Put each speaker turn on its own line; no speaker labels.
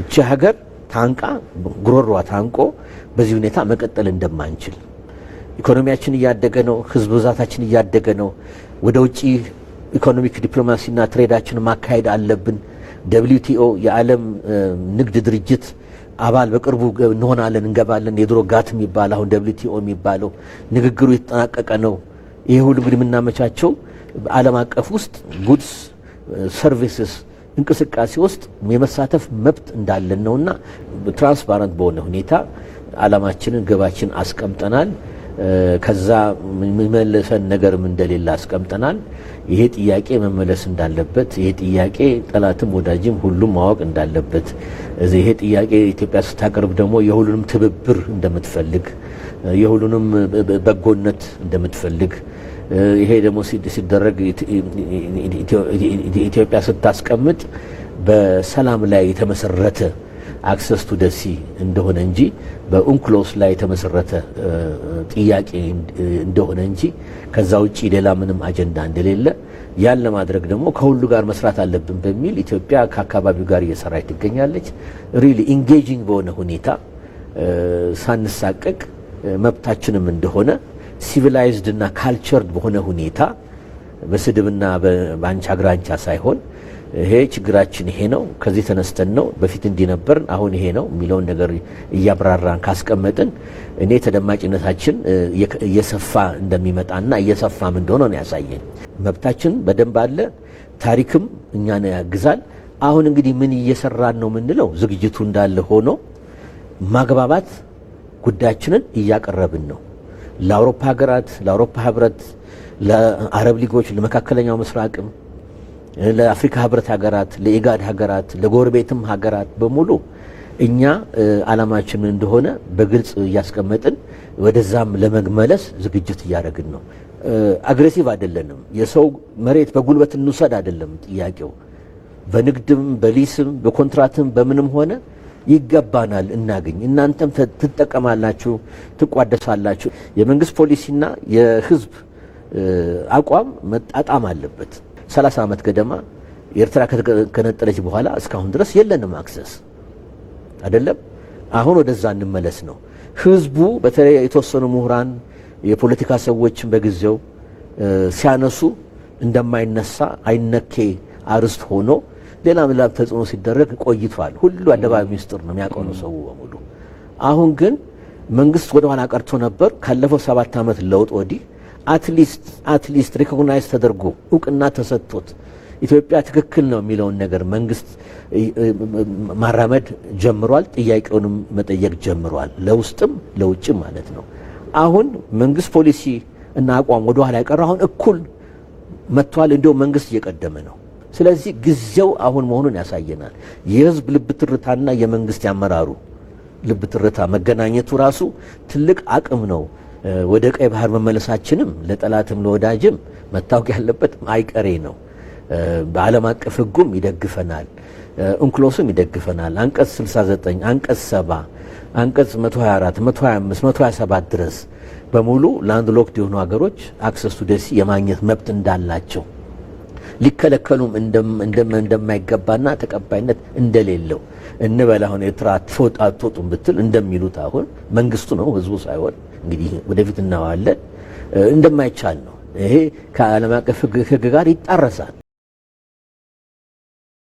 እቺ ሀገር ታንቃ ጉሮሯ ታንቆ በዚህ ሁኔታ መቀጠል እንደማንችል ኢኮኖሚያችን እያደገ ነው። ህዝብ ብዛታችን እያደገ ነው። ወደ ውጭ ኢኮኖሚክ ዲፕሎማሲና ትሬዳችን ማካሄድ አለብን። ደብሊውቲኦ የዓለም ንግድ ድርጅት አባል በቅርቡ እንሆናለን እንገባለን። የድሮ ጋት የሚባል አሁን ደብሊውቲኦ የሚባለው ንግግሩ የተጠናቀቀ ነው። ይሄ ሁሉ እንግዲህ የምናመቻቸው በዓለም አቀፍ ውስጥ ጉድስ ሰርቪስስ እንቅስቃሴ ውስጥ የመሳተፍ መብት እንዳለን ነውና ትራንስፓረንት በሆነ ሁኔታ አላማችንን ግባችን አስቀምጠናል። ከዛ የሚመለሰን ነገርም እንደሌለ አስቀምጠናል። ይሄ ጥያቄ መመለስ እንዳለበት፣ ይሄ ጥያቄ ጠላትም ወዳጅም ሁሉም ማወቅ እንዳለበት፣ ይሄ ጥያቄ ኢትዮጵያ ስታቀርብ ደግሞ የሁሉንም ትብብር እንደምትፈልግ፣ የሁሉንም በጎነት እንደምትፈልግ ይሄ ደግሞ ሲደረግ ኢትዮጵያ ስታስቀምጥ በሰላም ላይ የተመሰረተ አክሰስ ቱ ደሲ እንደሆነ እንጂ በኡንክሎስ ላይ የተመሰረተ ጥያቄ እንደሆነ እንጂ ከዛ ውጭ ሌላ ምንም አጀንዳ እንደሌለ ያን ለማድረግ ደግሞ ከሁሉ ጋር መስራት አለብን በሚል ኢትዮጵያ ከአካባቢው ጋር እየሰራች ትገኛለች። ሪሊ ኢንጌጂንግ በሆነ ሁኔታ ሳንሳቀቅ መብታችንም እንደሆነ ሲቪላይዝድ እና ካልቸርድ በሆነ ሁኔታ በስድብና በአንቻ ግራንቻ ሳይሆን ይሄ ችግራችን ይሄ ነው፣ ከዚህ ተነስተን ነው በፊት እንዲነበርን አሁን ይሄ ነው የሚለውን ነገር እያብራራን ካስቀመጥን እኔ ተደማጭነታችን እየሰፋ እንደሚመጣና እየሰፋም እንደሆነ ነው ያሳየን። መብታችን በደንብ አለ፣ ታሪክም እኛን ያግዛል። አሁን እንግዲህ ምን እየሰራን ነው የምንለው፣ ዝግጅቱ እንዳለ ሆኖ ማግባባት ጉዳያችንን እያቀረብን ነው ለአውሮፓ ሀገራት፣ ለአውሮፓ ህብረት፣ ለአረብ ሊጎች፣ ለመካከለኛው ምስራቅም ለአፍሪካ ህብረት ሀገራት፣ ለኢጋድ ሀገራት፣ ለጎረቤትም ሀገራት በሙሉ እኛ አላማችን እንደሆነ በግልጽ እያስቀመጥን ወደዛም ለመመለስ ዝግጅት እያደረግን ነው። አግሬሲቭ አይደለንም። የሰው መሬት በጉልበት እንውሰድ አይደለም ጥያቄው። በንግድም በሊስም በኮንትራትም በምንም ሆነ ይገባናል እናገኝ፣ እናንተም ትጠቀማላችሁ፣ ትቋደሳላችሁ። የመንግስት ፖሊሲና የህዝብ አቋም መጣጣም አለበት። 30 ዓመት ገደማ ኤርትራ ከነጠለች በኋላ እስካሁን ድረስ የለንም አክሰስ አይደለም። አሁን ወደዛ እንመለስ ነው። ህዝቡ በተለይ የተወሰኑ ምሁራን፣ የፖለቲካ ሰዎችን በጊዜው ሲያነሱ እንደማይነሳ አይነኬ አርስት ሆኖ ሌላ ምላብ ተጽዕኖ ሲደረግ ቆይቷል። ሁሉ አደባባይ ሚስጥር ነው የሚያውቀው ነው ሰው በሙሉ። አሁን ግን መንግስት ወደኋላ ቀርቶ ነበር። ካለፈው ሰባት ዓመት ለውጥ ወዲህ አትሊስት አትሊስት ሪኮግናይዝ ተደርጎ እውቅና ተሰጥቶት ኢትዮጵያ ትክክል ነው የሚለውን ነገር መንግስት ማራመድ ጀምሯል። ጥያቄውንም መጠየቅ ጀምሯል፣ ለውስጥም ለውጭ ማለት ነው። አሁን መንግስት ፖሊሲ እና አቋም ወደ ኋላ የቀረ አሁን እኩል መጥቷል። እንዲሁም መንግስት እየቀደመ ነው። ስለዚህ ጊዜው አሁን መሆኑን ያሳየናል። የህዝብ ልብ ትርታና የመንግስት ያመራሩ ልብ ትርታ መገናኘቱ ራሱ ትልቅ አቅም ነው። ወደ ቀይ ባህር መመለሳችንም ለጠላትም ለወዳጅም መታወቅ ያለበት አይቀሬ ነው። በዓለም አቀፍ ሕጉም ይደግፈናል፣ እንክሎስም ይደግፈናል። አንቀጽ 69፣ አንቀጽ 70፣ አንቀጽ 124፣ 125፣ 127 ድረስ በሙሉ ላንድ ሎክድ የሆኑ ሀገሮች አክሰስ ቱ ደሲ የማግኘት መብት እንዳላቸው ሊከለከሉም እንደማይገባና ተቀባይነት እንደሌለው እንበል አሁን ኤርትራ አትወጡም ብትል እንደሚሉት አሁን መንግስቱ ነው ህዝቡ ሳይሆን እንግዲህ ወደፊት እናዋለን። እንደማይቻል ነው ይሄ ከዓለም አቀፍ ሕግ ጋር ይጣረሳል።